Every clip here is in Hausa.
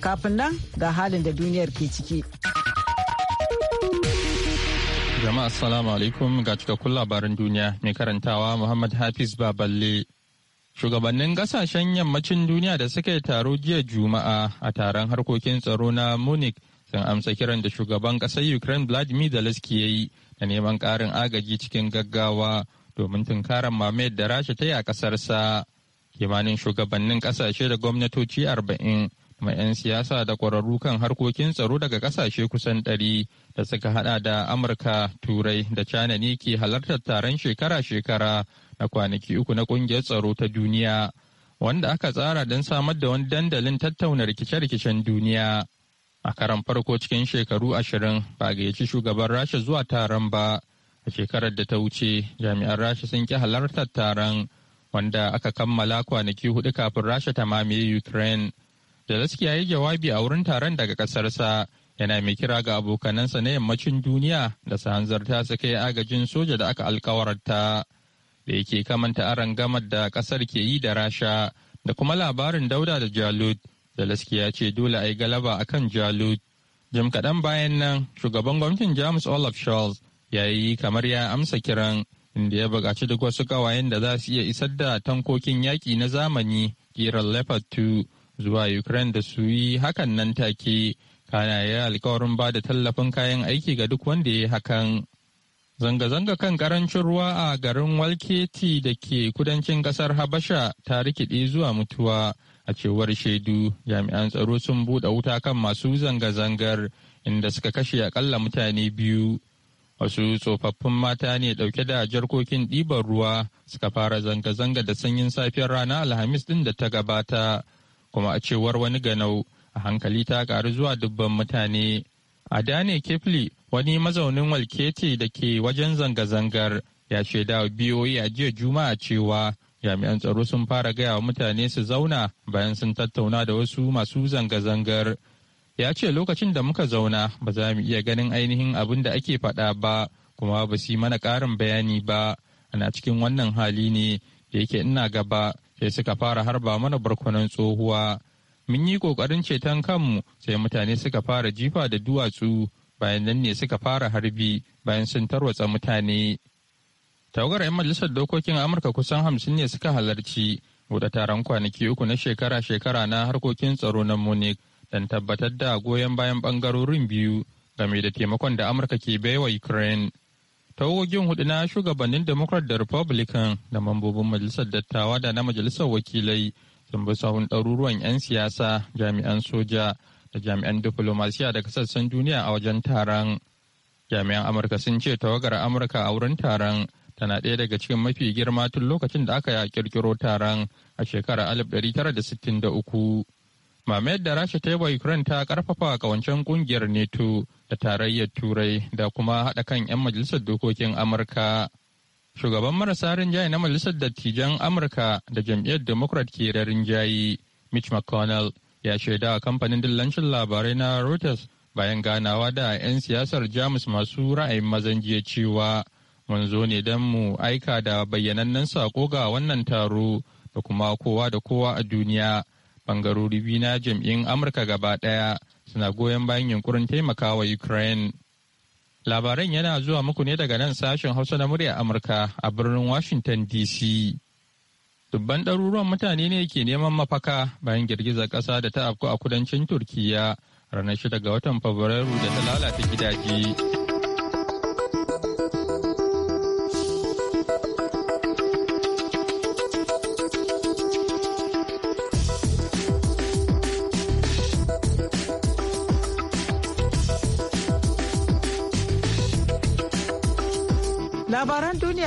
Kafin nan ga halin da duniyar ke ciki. Jama'a Assalamu alaikum ga cikakkun labaran duniya mai karantawa Muhammad Hafiz Baballe. Shugabannin kasashen yammacin duniya da suka yi taro jiya Juma'a a taron harkokin tsaro na Munich sun amsa kiran da shugaban kasar Ukraine Vladimir Zelensky ya yi da neman karin agaji cikin gaggawa domin tunkarar mamayar da Rasha ta yi a kasarsa Kimanin shugabannin ƙasashe da gwamnatoci arba'in mai 'yan siyasa da kwararru kan harkokin tsaro daga ƙasashe kusan ɗari da suka hada da amurka turai da china ne ke halartar taron shekara-shekara na kwanaki uku na ƙungiyar tsaro ta duniya wanda aka tsara don samar da wani dandalin tattauna rikice-rikicen duniya a karan farko cikin shekaru ashirin ba a gayyaci shugaban rasha zuwa taron ba a shekarar da ta wuce jami'an rasha sun ki halartar taron wanda aka kammala kwanaki hudu kafin rasha ta mamaye ukraine Zelensky ya yi jawabi a wurin taron daga ƙasarsa yana mai kira ga abokanansa na yammacin duniya da su hanzarta su kai agajin soja da aka alkawarta da yake kamanta aron gamar da ƙasar ke yi da rasha da kuma labarin dauda da jalud da ya ce dole a yi galaba a kan jalud jim kaɗan bayan nan shugaban gwamnatin jamus olaf scholz ya yi kamar ya amsa kiran inda ya buƙaci duk wasu ƙawayen da za su iya isar da tankokin yaƙi na zamani kiran leopard 2 zuwa Ukraine da su yi hakan nan take, kana ya alkawarin ba da tallafin kayan aiki ga duk wanda ya hakan. Zanga-zanga kan karancin ruwa a garin Walketi da ke kudancin kasar Habasha ta rikide zuwa mutuwa a cewar shaidu jami'an tsaro sun buɗe wuta kan masu zanga-zangar inda suka kashe akalla mutane biyu. Wasu tsofaffin mata ne ɗauke da jarkokin ɗiban ruwa suka fara zanga-zanga da sanyin safiyar rana Alhamis ɗin da ta gabata kuma a cewar wani ganau a hankali ta karu zuwa dubban mutane. A Dane Kifli wani mazaunin walketi da ke wajen zanga-zangar ya shaida da biyoyi a jiya Juma'a cewa jami'an tsaro sun fara gaya wa mutane su zauna bayan sun tattauna da wasu masu zanga-zangar. Ya ce lokacin da muka zauna ba za mu iya ganin ainihin abin da ake faɗa ba kuma ba su yi mana ƙarin bayani ba. Ana cikin wannan hali ne da yake ina gaba sai suka fara harba mana barkonan tsohuwa mun yi kokarin ceton kanmu sai mutane suka fara jifa da duwatsu bayan nan ne suka fara harbi bayan sun tarwatsa mutane tawagar 'yan majalisar dokokin amurka kusan hamsin ne suka halarci buɗe taron kwanaki uku na shekara-shekara na harkokin tsaro na munich don tabbatar da goyon bayan ɓangarorin biyu game da taimakon da amurka ke baiwa ukraine tawogin hudu na shugabannin democrat da republican da mambobin majalisar dattawa da na majalisar wakilai sun bi sahun ɗaruruwan 'yan siyasa jami'an soja da jami'an diplomasiya daga sassan duniya a wajen taron jami'an amurka sun ce tawagar amurka a wurin taron tana ɗaya daga cikin mafi girma tun lokacin da aka kirkiro taron a shekarar 1963 mamayar da rasha ta yi wa ukraine ta karfafa kawancen kungiyar neto da tarayyar turai da kuma haɗa kan 'yan majalisar dokokin amurka shugaban marasa rinjaye na majalisar dattijan amurka da jam'iyyar democrat ke da rinjaye mitch mcconnell ya shaida kamfanin dillancin labarai na reuters bayan ganawa da 'yan siyasar jamus masu ra'ayin mazan jiya cewa mun zo ne don mu aika da bayyanannen sako ga wannan taro da kuma kowa da kowa a duniya bangarori biyu na jam'in amurka gaba ɗaya suna goyon bayan yunkurin taimakawa ukraine labaran yana zuwa muku ne daga nan sashen hausa na murya amurka a birnin washington dc dubban ɗaruruwan mutane ne ke neman mafaka bayan girgizar ƙasa da ta afku a kudancin turkiya ranar shida ga watan fabrairu da ta lalata gidaje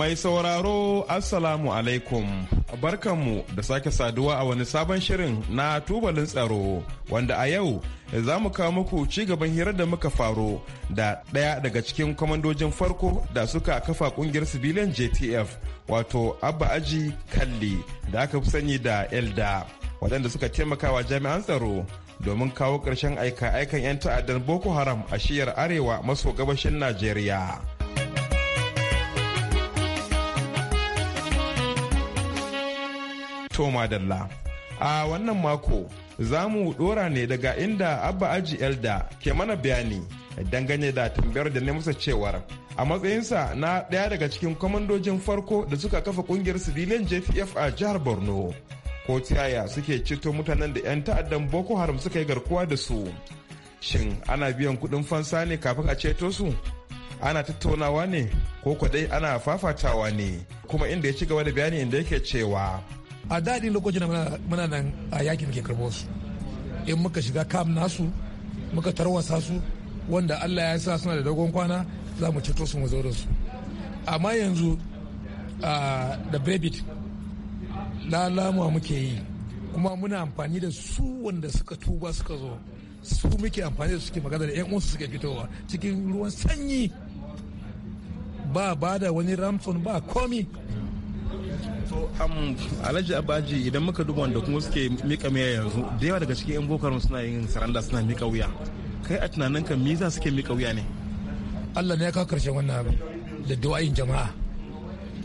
Mai sauraro Assalamu alaikum. Barkanmu da sake saduwa a wani sabon shirin na tubalin tsaro wanda a yau za mu kawo muku ci gaban hirar da muka faro da ɗaya daga cikin kwamandojin farko da suka kafa kungiyar sibilin JTF wato Abba Aji Kalli da aka fi sani da Elda waɗanda suka taimakawa jami'an tsaro domin kawo ƙarshen aika-aikan 'yan ta'addar Boko Haram a shiyar arewa maso gabashin Najeriya. To dalla A wannan mako za mu dora ne daga inda Abba Aji Elda ke mana bayani dangane da tambayar da na musa cewar a matsayinsa na ɗaya daga cikin kwamandojin farko da suka kafa kungiyar civilian JTF a jihar Borno. Ko tiyaya suke cito mutanen da 'yan ta'addan Boko Haram suka yi garkuwa da su. Shin ana biyan kuɗin fansa ne kafin a ceto su? Ana tattaunawa ne ko kwadai ana fafatawa ne kuma inda ya ci gaba da bayani inda yake cewa a daɗi lokacin da muna nan a yakin da ke karɓo su in muka shiga kam nasu muka tarwasa su wanda allah ya sa suna da dogon kwana za mu ceto su mu zo da su amma yanzu da brevid lalamuwa muke yi kuma muna amfani da su wanda suka tuba suka zo su muke amfani da suke magana da 'yan uwansu suke fitowa cikin ruwan sanyi ba ba da wani ramson ba komi to alhaji abaji idan muka duba wanda kuma suke mika miya yanzu da yawa daga cikin yan boko suna yin saranda suna mika wuya kai a tunanin ka miza za suke mika wuya ne Allah ne ya kawo karshen wannan abu da du'a'in jama'a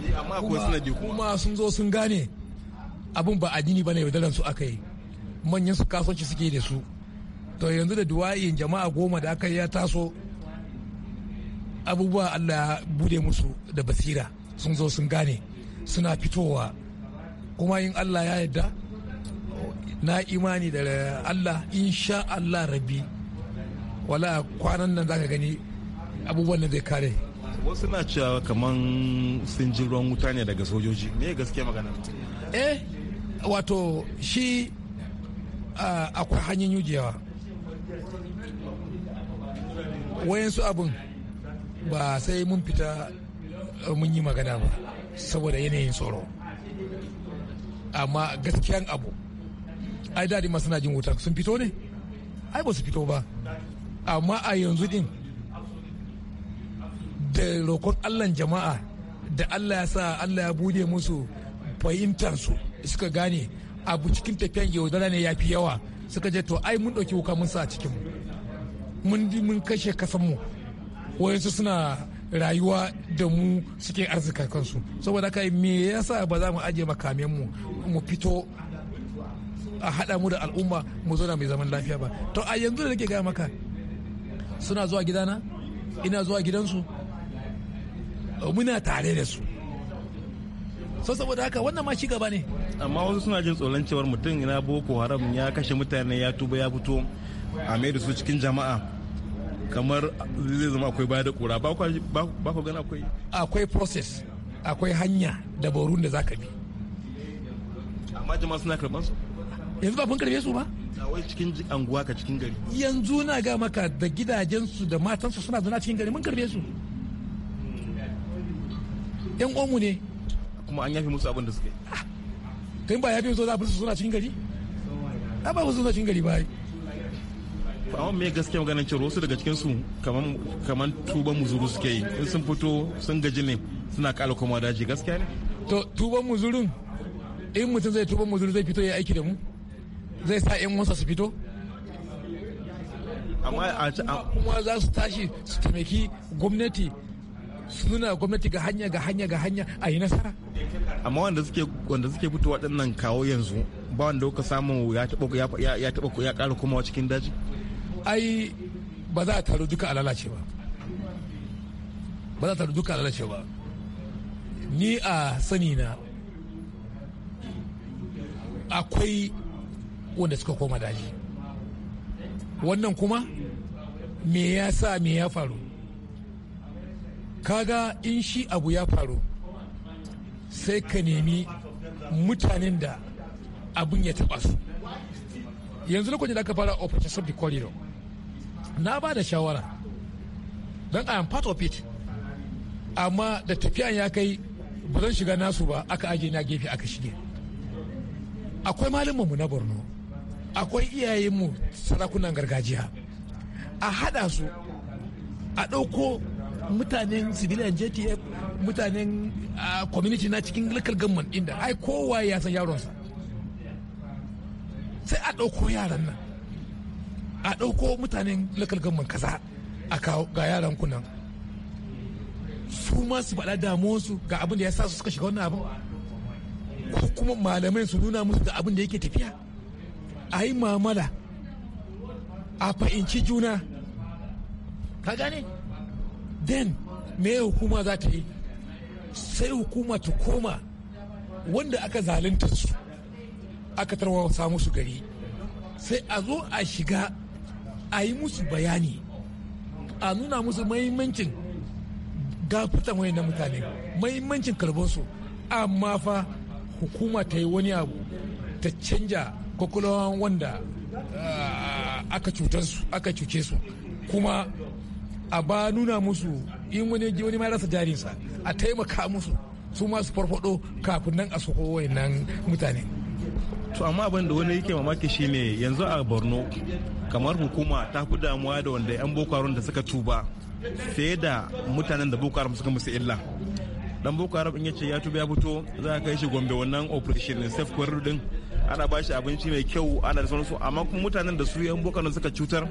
eh, amma akwai sanadi kuma sun zo sun gane abun ba addini bane dalan su aka yi manyan su kasuwanci suke da su to yanzu da duwa'in jama'a goma da aka ya taso abubuwa Allah ya bude musu da basira sun zo sun gane suna fitowa kuma yin allah ya yadda na imani da allah insha allah rabi wala kwanan nan zaka gani abubuwan da zai kare wasu na cewa kamar sun ji ruwan wuta ne daga sojoji ne gaske magana eh wato shi akwai hanyoyin yujewa wayansu abin ba sai mun fita mun yi magana ba saboda yanayin tsoro amma gaskiyan abu ai daɗi ma suna jin wuta sun fito ne ai ba su fito ba amma a yanzu din da roƙon allah jama'a da allah ya sa allah ya bude musu fahimtar su suka gane abu cikin tafiyan yaudara ne ya fi yawa suka je to ai mun ɗauki wuka mun sa a cikin mun mun kashe kasanmu wayansu suna rayuwa da mu suke arzika kansu saboda haka me yasa ba za mu ajiye makamen mu mu fito a haɗa mu da al'umma mu zauna mai zaman lafiya ba to a yanzu da nake gaya maka suna zuwa gidana ina zuwa gidansu muna tare da su so saboda haka wannan ma shi gaba ne amma wasu suna jin tsoron cewar mutum ina boko haram ya kashe mutane ya tuba ya fito a mai da su cikin jama'a kamar zai zama akwai baya da kura ba ku gana akwai akwai process akwai hanya dabarun da za ka bi amma jama'a suna karban su yanzu ba kun karbe su ba wai cikin anguwa ka cikin gari yanzu na ga maka da gidajensu da matansu suna zana cikin gari mun karbe su yan omu ne kuma an yafi musu abin da suke ah, kai ba fi musu ah, za su suna cikin gari ba ba su suna cikin gari ba awon me gaskiya magana cewa wasu daga cikin su kamar tuban muzuru suke yi in sun fito sun gaji ne suna kala koma daji gaskiya ne to tuban muzurun in mutum zai tuban muzuru zai fito ya aiki da mu zai sa yan wasa su fito amma kuma za su tashi su taimaki gwamnati suna gwamnati ga hanya ga hanya ga hanya a yi nasara amma wanda suke wanda suke fitowa dinnan kawo yanzu ba wanda kuka samu ya taba ya taba ya kara komawa cikin daji ai ba za a taru duka a lalace ba ba za a taru duka a lalace ba ni a sani na akwai wanda suka koma daji wannan kuma me ya sa me ya faru kaga in shi abu ya faru sai ka nemi mutanen da abin ya taba su yanzu lokacin da aka fara operation safety corridor na ba da shawara don i am part of it amma da tafiya ya kai ba zan shiga nasu ba aka aje na gefe aka shige akwai mu na borno akwai iyayenmu sarakunan gargajiya a haɗa su a ɗauko mutanen civilian jtf mutanen community na cikin local government inda ai kowa ya san yaronsa sai a ɗauko yaran nan a ɗauko mutanen local government kaza a kawo ga yaran kunan su ma su faɗa damuwarsu ga abin da ya sa su suka shiga wannan abin ko kuma malamai su nuna musu da abin da yake tafiya a yi mamala a fahimci juna ka gane den me hukuma za ta yi sai hukuma ta koma wanda aka zalunta su aka tarwa samu su gari sai a zo a shiga a yi musu bayani a nuna musu mahimmancin gafitan na mutane mahimmancin karbonsu amma fa hukuma ta yi wani abu ta canja kwakwalwan wanda ah, aka aka cuce su kuma a ba nuna musu in wani wani ma rasa jarinsa a taimaka musu su masu farfado kafin nan a soko wayannan mutane to amma abin da wani yake mamaki shine yanzu a borno kamar hukuma ta fi damuwa da wanda 'yan boko haram da suka tuba fiye da mutanen da boko haram suka musu illa dan boko haram in ya ce ya tuba ya fito za a kai shi gombe wannan operation safe kwarar din ana bashi abinci mai kyau ana da sauransu amma kuma mutanen da su yan boko haram suka cutar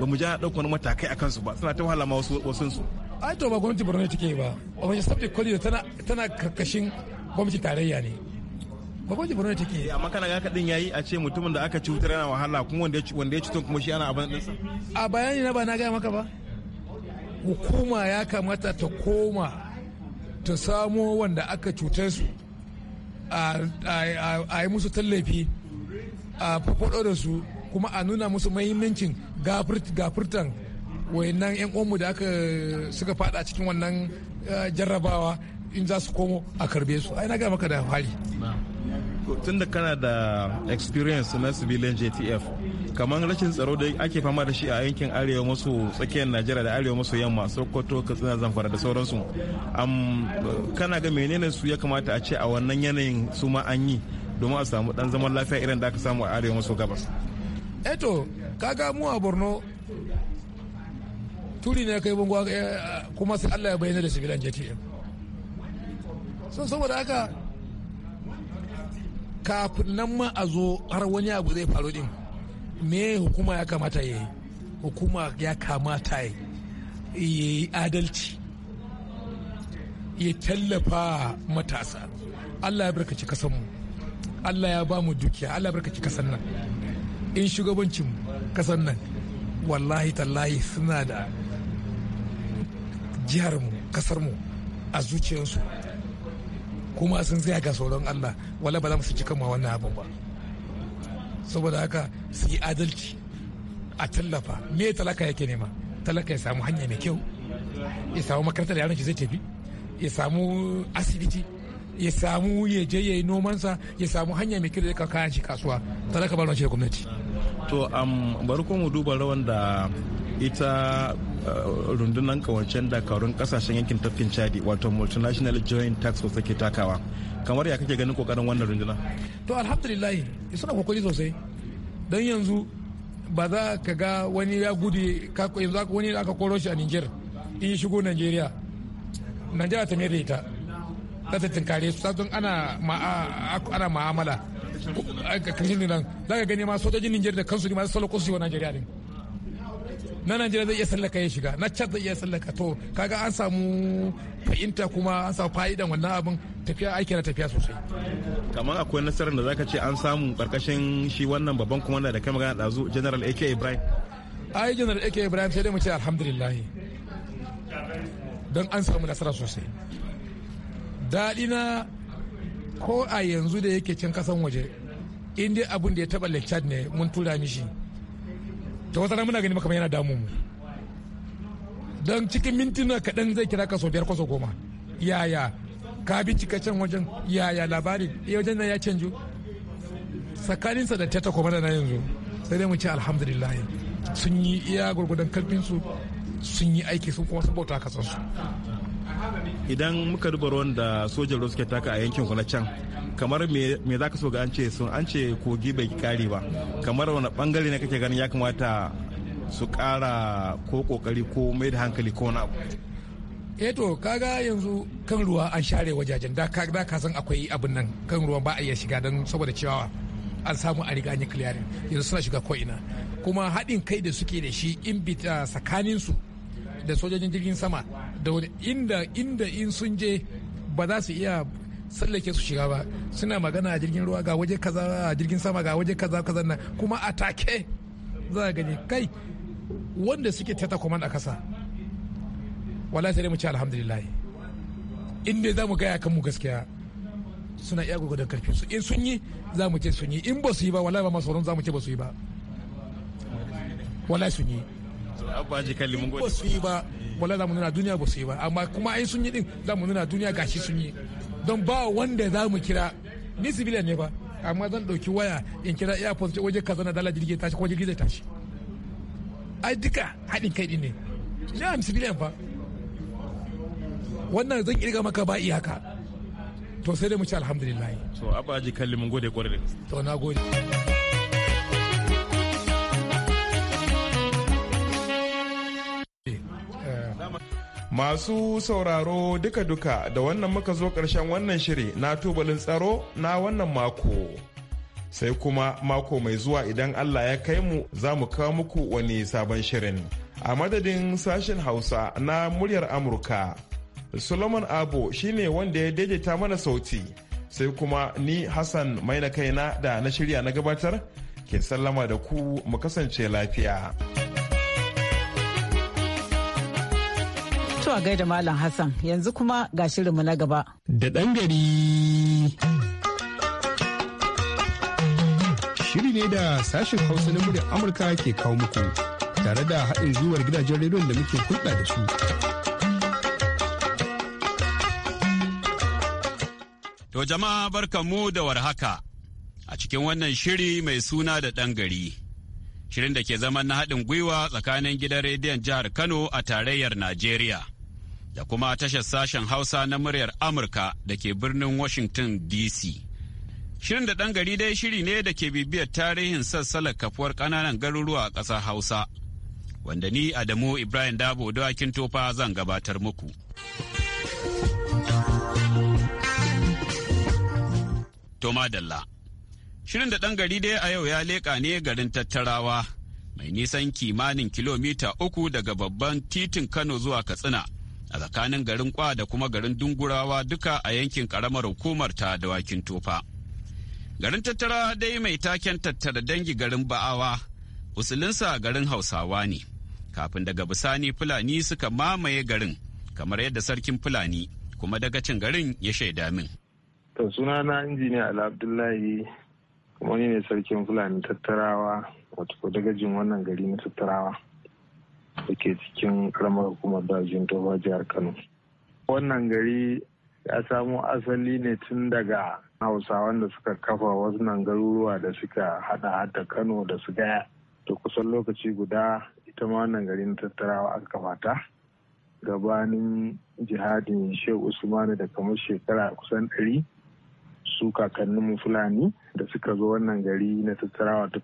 ba mu ja ɗaukar matakai a kansu ba suna ta wahala ma wasu su ai to ba gwamnati borno take ba wani safe corridor tana tana karkashin gwamnati tarayya ne magwaji borno take eh, amma makana ga kadin yayi a ce mutumin da aka cutar yana wahala kuma wanda ya cutar kuma shi ana abin dinsa a bayani na ba na gaya maka ba hukuma ya kamata ta koma ta samo wanda aka cutar su a yi musu tallafi a faɗo da su kuma a nuna musu mahimmancin gafurtan wayannan 'yan uwanmu da aka suka fada cikin wannan eh, jarrabawa in za su komo a karbe su ai na ga maka da hali tunda kana da experience na civilian JTF kamar rashin tsaro da ake fama da shi a yankin arewa maso tsakiyar Najeriya da arewa maso yamma Sokoto Katsina Zamfara da sauransu am kana ga menene su ya kamata a ce a wannan yanayin su ma an yi domin a samu dan zaman lafiya irin da aka samu a arewa maso gabas eto eh kaga mu a Borno turi ne kai bango eh, kuma sai Allah ya bayyana da civilian JTF so saboda haka kafin nan ma a zo har wani abu zai faru din me hukuma ya kamata ya yi hukuma ya kamata ya yi adalci ya tallafa matasa allah ya barkaci mu allah ya ba mu dukiya allah ya barkaci kasan nan in shugabancin kasan nan wallahi tallahi suna da jiharmu kasarmu a zuciyarsu kuma sun tsaya ga sauran Allah wala ba za mu su cika ma wannan abin ba saboda haka su yi adalci a tallafa me talaka yake nema talaka ya samu hanya mai kyau ya samu makarantar da yaron shi zai tafi ya samu asibiti ya samu ya je ya yi nomansa ya samu hanya mai kyau da kayan shi kasuwa talaka ba shi da gwamnati to am bari ko mu duba rawan da ita uh, rundunar kawancen dakarun kasashen yankin tafkin chadi wato multinational joint tax force take takawa kamar ya kake ganin kokarin wannan runduna to alhamdulillah suna kokari sosai don yanzu ba za ka ga wani ya gudu yanzu wani aka koro shi a niger in shigo nigeria nigeria ta mai ita za ta tinkare su satun ana ma'amala a ƙarshen nan za ka gani ma sojojin niger da kansu ne ma salakon su yi wa nigeria ne na najeriya zai iya sallaka ya shiga na chad zai iya sallaka to kaga an samu fahimta kuma an samu fa'idan wannan abin tafiya aiki na tafiya sosai kamar akwai nasarar da zaka ce an samu karkashin shi wannan babban kuma da kai magana dazu general ak ibrahim ai general ak ibrahim sai dai mu ce alhamdulillah don an samu nasara sosai daɗi na ko a yanzu da yake cin kasan waje in dai abin da ya taɓa lechad ne mun tura mishi ta wata muna gani maka yana damu mu don cikin mintuna kaɗan zai kira ka sau biyar kwaso goma yaya ka bi can wajen yaya labari eh, wajen nan ya canju tsakaninsa da ta takoma da na yanzu sai dai mu ce alhamdulillah sun yi iya gwargwadon karfinsu sun yi aiki sun kuma sabauta kasansu idan muka duba ruwan da sojan ruwa suke taka a yankin na can kamar me za ka so ga an ce sun an ce kogi bai kare ba kamar wani bangare ne kake ganin ya kamata su kara ko kokari ko mai da hankali ko wani abu eh to kaga yanzu kan ruwa an share wajajen da ka san akwai abin nan kan ruwa ba a iya shiga don saboda cewa an samu a riga an yanzu suna shiga ko'ina kuma haɗin kai da suke da shi in bita ah, tsakaninsu da sojojin jirgin sama da wani inda inda in sun je ba za su iya sallake su shiga ba suna magana a jirgin ruwa ga waje kaza a jirgin sama ga waje kaza kaza nan kuma a take za a gani kai wanda suke tata command a kasa wala sai mu ci alhamdulillah in dai za mu gaya kan mu gaskiya suna iya da karfi su in sun yi za mu ce sun yi in ba su yi ba wala ba masoron za mu ce ba su yi ba wala sun yi amma kuma ai sun yi din za mu nuna duniya gashi sun don ba wanda za mu kira ni civilian ne ba amma zan dauki waya in kira airport ce waje kaza na dala jirgin tashi ko jirgin zai tashi ai duka haɗin kai din ne ni am civilian fa wannan zan kirga maka ba iyaka to sai dai mu ci alhamdulillah to abaji kallimin gode kwarai to na gode Masu sauraro duka-duka da wannan muka zo ƙarshen wannan shiri na tubalin tsaro na wannan mako. Sai kuma mako mai zuwa idan Allah ya kai mu za mu kawo muku wani sabon shirin. A madadin sashen Hausa na muryar Amurka, Solomon Abo shine wanda ya daidaita mana sauti. Sai kuma ni Hassan maina kaina da na shirya na gabatar, ke sallama da ku mu kasance lafiya. To a gaida Malam Hassan yanzu kuma ga shirinmu na gaba. Da ɗan gari. Shiri ne da sashen Hausa na muryar Amurka ke kawo muku tare da haɗin gwiwar gidajen rediyon da muke hulɗa da su. To jama'a mu da warhaka a cikin wannan shiri mai suna da ɗan gari. shirin da ke zaman na haɗin gwiwa tsakanin gidan rediyon jihar Kano a tarayyar Najeriya da kuma tashar sashen Hausa na muryar Amurka da ke birnin Washington DC. Shirin da ɗan gari dai shiri ne da ke bibiyar tarihin sassalar kafuwar ƙananan garuruwa a ƙasar Hausa, wanda ni Adamu Ibrahim Dabo dawakin tofa zan gabatar muku. Toma Dalla Shirin da ɗan gari dai a yau ya leƙa ne garin tattarawa mai nisan kimanin kilomita uku daga babban titin Kano zuwa Katsina. a tsakanin garin kwa da kuma garin dungurawa duka a yankin karamar hukumar ta wakin tofa garin tattara dai mai taken tattara dangi garin ba'awa usulinsa garin hausawa ne kafin daga bisani fulani suka mamaye garin kamar yadda sarkin fulani kuma dagacin garin ya shaida min to sunana injiniya ala abdullahi kuma ne sarkin fulani tattarawa wato dagajin wannan gari na tattarawa da ke cikin karamar hukumar dajin tofa jihar kano wannan gari ya samo asali ne tun daga hausawan da suka kafa wasu nan garuruwa da suka hada hada kano da su gaya da kusan lokaci guda ita ma wannan gari na tattarawa aka kamata. gabanin jihadin shehu usmanu da kamar shekara kusan ɗari su kakanninmu fulani da suka zo wannan gari na tattarawa ta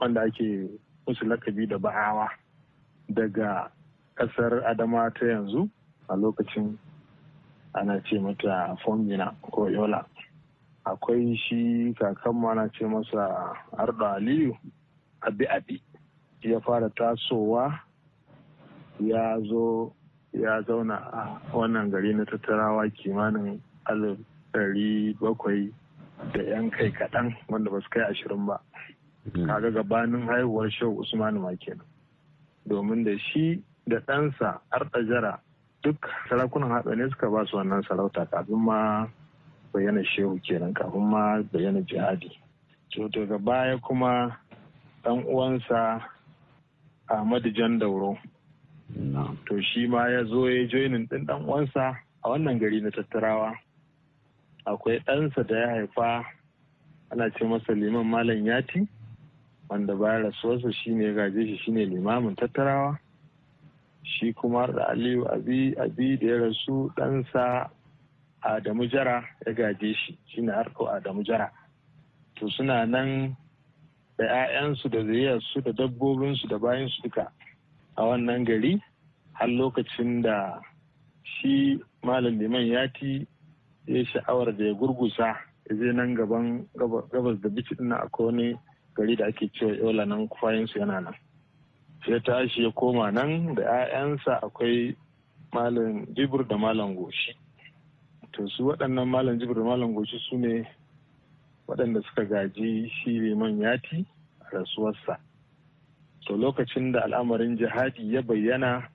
wanda ake musu lakabi da ba'awa daga kasar adama ta yanzu a lokacin ana ce mata fomina ko yola akwai shi kakanmu ana ce masa ardo aliyu abi abi ya fara tasowa ya zo ya zauna a wannan gari na tattarawa kimanin alif ɗari bakwai da yan kai kaɗan wanda ba su kai ashirin ba mm. kaga gabanin haihuwar shehu usmanu ma kenan domin da shi da ɗansa jara duk sarakunan hatsa ne suka ba su wannan sarauta kafin ma bayyana shehu kenan kafin ma bayyana jihadi to daga baya kuma ɗan uwansa ahmadu jan dauro to shi ma ya zo ya joinin ɗin ɗan uwansa a wannan gari na tattarawa akwai ɗansa da ya haifa ana ce masa liman malam yati wanda bayan rasuwarsa shine ya gaje shi shine limamin tattarawa shi kuma da aliyu abi abi da ya rasu ɗansa adamu jara ya gaje shi shine harko adamu jara to suna nan da 'ya'yansu da zayyarsu da dabbobinsu da bayansu duka a wannan gari har lokacin da shi malam liman ya ti ya sha'awar da ya gurgusa ya je nan gaban gabas da bici ɗin akwai wani gari da ake cewa yola nan kwayansu yana nan sai tashi ya koma nan da 'ya'yansa akwai malam jibir da malam goshi to su waɗannan malam jibir da malam goshi su ne waɗanda suka gaji shi liman yati a rasuwarsa to lokacin da al'amarin jihadi ya bayyana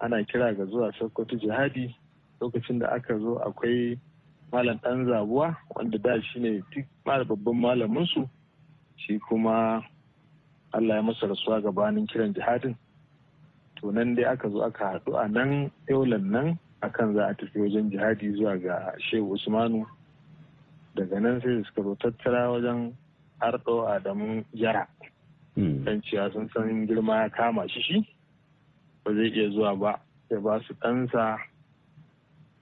ana kira ga zuwa sokoto jihadi lokacin da aka zo akwai malam ɗan zabuwa wanda da shi ne duk babban malaminsu shi kuma allah ya masa rasuwa gabanin kiran jihadin to nan dai aka zo aka haɗu a nan yaulan nan akan za a tafi wajen jihadi zuwa ga shehu usmanu daga nan sai suka zo tattara wajen arɗo adamu yara hmm. dan cewa sun san girma ya kama shi shi ba zai iya zuwa ba ya ba su ɗansa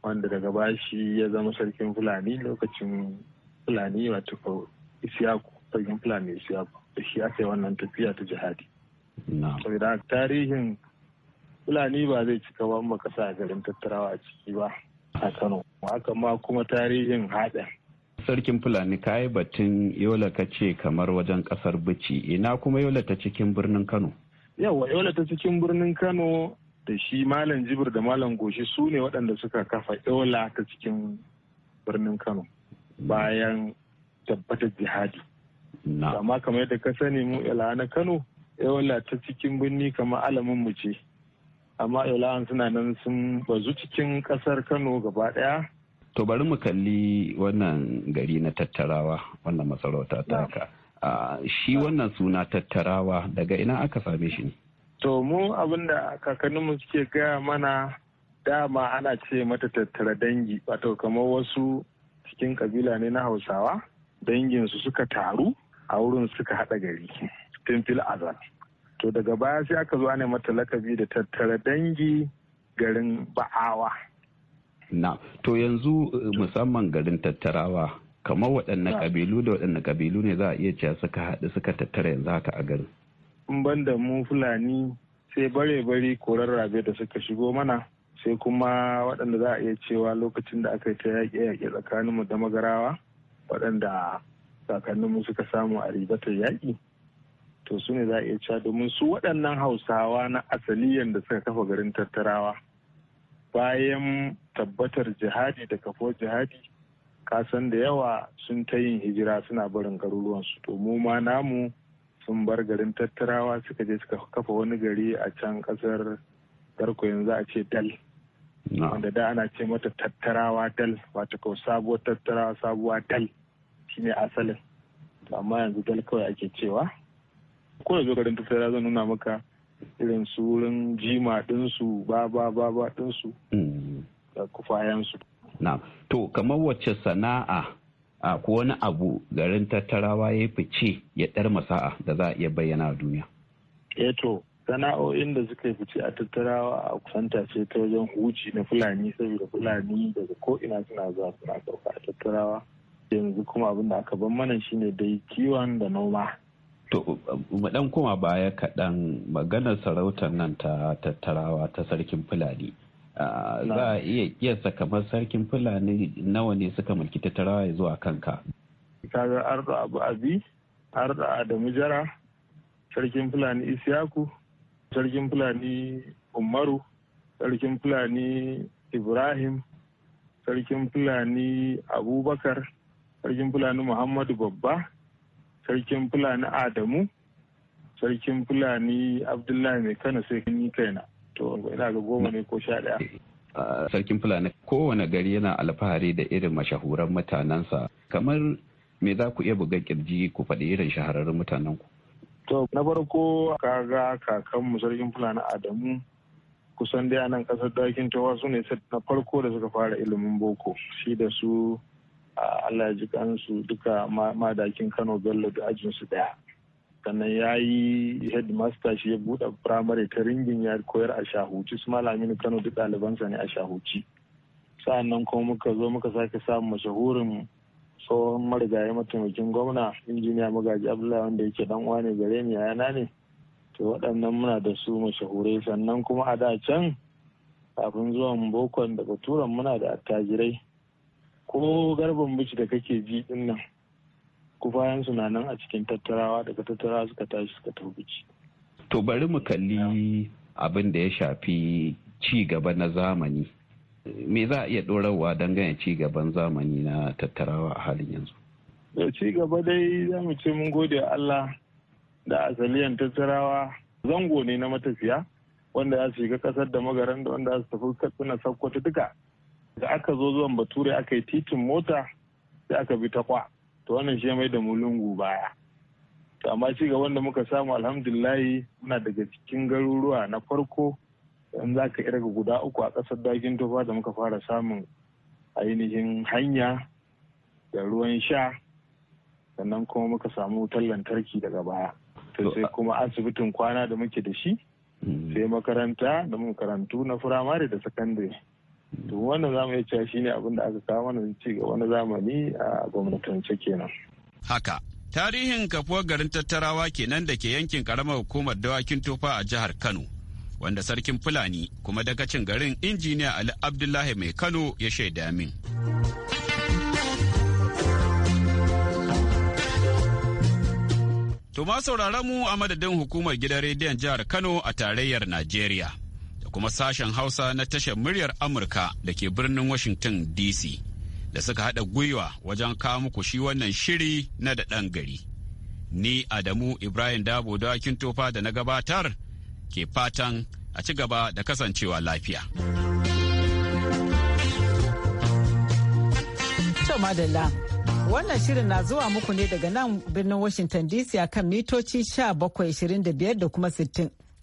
wanda daga bashi ya zama sarkin fulani lokacin fulani wato Isiaku. fagen fulani shi da shi aka yi wannan tafiya ta jihadi saboda tarihin fulani ba zai cika ba ba kasa garin tattarawa a ciki ba a kano haka ma kuma tarihin haɗin sarkin fulani ka yi batun yola ka ce kamar wajen kasar bici ina kuma yola ta cikin birnin kano yawa yola ta cikin birnin kano da shi malam jibir da malam goshi su ne waɗanda suka kafa yola ta cikin birnin kano bayan tabbatar jihadi amma kamar yadda ka sani mu ila na kano yawala ta cikin birni kamar alamin mu ce amma ilawan suna nan sun bazu cikin kasar kano gaba daya to bari mu kalli wannan gari na tattarawa wannan masarauta ta haka shi wannan suna tattarawa daga ina aka same shi ne to mu abinda kakanninmu suke gaya mana dama ana ce mata tattara dangi wato kamar wasu cikin kabila ne na hausawa danginsu suka taru a wurin suka haɗa gari tun fil to daga baya sai aka zo ne mata lakabi da tattara dangi garin ba'awa na to yanzu eh, musamman garin tattarawa kamar waɗannan ƙabilu da waɗannan ƙabilu ne za a iya cewa suka haɗu suka tattara yanzu haka a garin in ban da mu fulani sai bare-bare korar rabe da suka shigo mana sai kuma waɗanda za a iya cewa lokacin da aka yi ta yaƙe-yaƙe tsakaninmu da magarawa waɗanda mu suka samu a ribatar yaƙi to su ne za a iya cewa domin su waɗannan hausawa na asaliyan da suka kafa garin tattarawa bayan tabbatar jihadi da kafo jihadi kasan da yawa sun ta yin hijira suna barin garuruwansu to mu ma namu sun bar garin tattarawa suka je suka kafa wani gari a can kasar garko yanzu a ce dal wanda da ana ce mata tattarawa dal wato sabuwar tattarawa sabuwa dal ne asalin amma yanzu dal kawai ake cewa ko yanzu garin tattara zan nuna maka irin su wurin jima dinsu ba ba ba ba dinsu mm. da kufayansu na to kamar wacce sana'a a ko wani abu garin tattarawa ya fice ya dar masa'a da za a iya bayyana a duniya. eh to sana'o'in da suka fice a tattarawa a kusanta ce ta wajen huji na fulani saboda fulani daga ko ina suna zuwa suna sauka a tattarawa yanzu kuma abin da aka ban mana shine dai kiwon da noma to mu dan kuma baya kaɗan maganar sarautar nan ta tattarawa ta sarkin fulani za a iya kiyasta kamar sarkin fulani nawa ne suka mulki tattarawa ya zuwa kanka kaga arda abu abi arda adamu jara sarkin fulani isyaku sarkin fulani umaru sarkin fulani ibrahim sarkin fulani abubakar sarkin fulani muhammadu babba sarkin fulani adamu sarkin fulani abdullahi mai kano sai ni kaina to ina ga goma ne ko sha daya sarkin fulani kowane gari yana alfahari da irin mashahuran mutanensa kamar me za ku iya buga kirji ku faɗi irin shahararrun mutanenku to na farko kaga kakanmu sarkin fulani adamu kusan dai a nan kasar dakin tawa su ne na farko da suka fara ilimin boko shi da su Allah ji kansu duka madakin Kano Bello da ajin su daya. Sannan ya yi headmaster shi ya buɗe firamare ta ringin ya koyar a shahuci su malamin Kano duk ɗalibansa ne a shahuci. Sa'an kuma muka zo muka sake samun mashahurin tsohon marigayi mataimakin gwamna injiniya magaji Abdullahi wanda yake dan uwa ne gare ni yana ne. To waɗannan muna da su mashahurai sannan kuma a da can kafin zuwan bokon daga baturan muna da attajirai ko garban bici da kake ji din nan kufayen na nan a cikin tattarawa daga tattarawa suka tashi suka taubici. to bari mu kalli abin da ya shafi ci gaba na zamani me za a iya don ganin ci gaban zamani na tattarawa a halin yanzu da ci gaba dai za mu ce mun gode Allah da asaliyan tattarawa zango ne na matafiya wanda za shiga kasar da magaran da wanda za su tafi na sakkwato duka da aka zo zuwan bature aka yi titin mota sai aka bi ta kwa to wannan shi mai da mulungu baya to amma ci gaban da muka samu alhamdulillahi muna daga cikin garuruwa na farko in za ka irga guda uku a ƙasar dagin tufa da muka fara samun ainihin hanya da ruwan sha sannan kuma muka samu wutar lantarki daga baya to sai kuma asibitin kwana da muke da shi mm. sai makaranta da makarantu na firamare da sakandare to wannan zamu iya cewa shine abin da aka kawo mana ci gaba na zamani a gwamnatance kenan haka tarihin kafuwar garin tattarawa kenan da ke yankin karamar hukumar dawakin tofa a jihar kano wanda sarkin fulani kuma dagacin garin injiniya ali abdullahi mai kano ya shaida min To ma mu a madadin hukumar gidan rediyon jihar Kano a tarayyar Najeriya. kuma sashen Hausa na tashar muryar Amurka da ke birnin Washington DC da suka haɗa gwiwa wajen kawo muku shi wannan shiri na da ɗan gari. Ni Adamu Ibrahim Dabo dawakin tofa da na gabatar ke fatan a ci gaba da kasancewa lafiya. madalla wannan shirin na zuwa muku ne daga nan birnin washington dc kan mitoci 1725 da kuma 60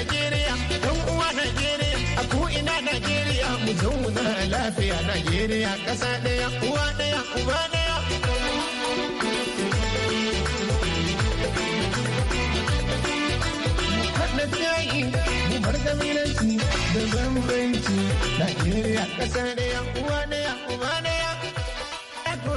Najeriya, ɗan uwa Najeriya, a ko'ina Najeriya, mu zauna lafiya Najeriya, ƙasa ɗaya, uwa ɗaya, uba ɗaya. Mu yayi, mu bar da bambanci, Najeriya, ƙasa ɗaya, uwa ɗaya, uba ɗaya.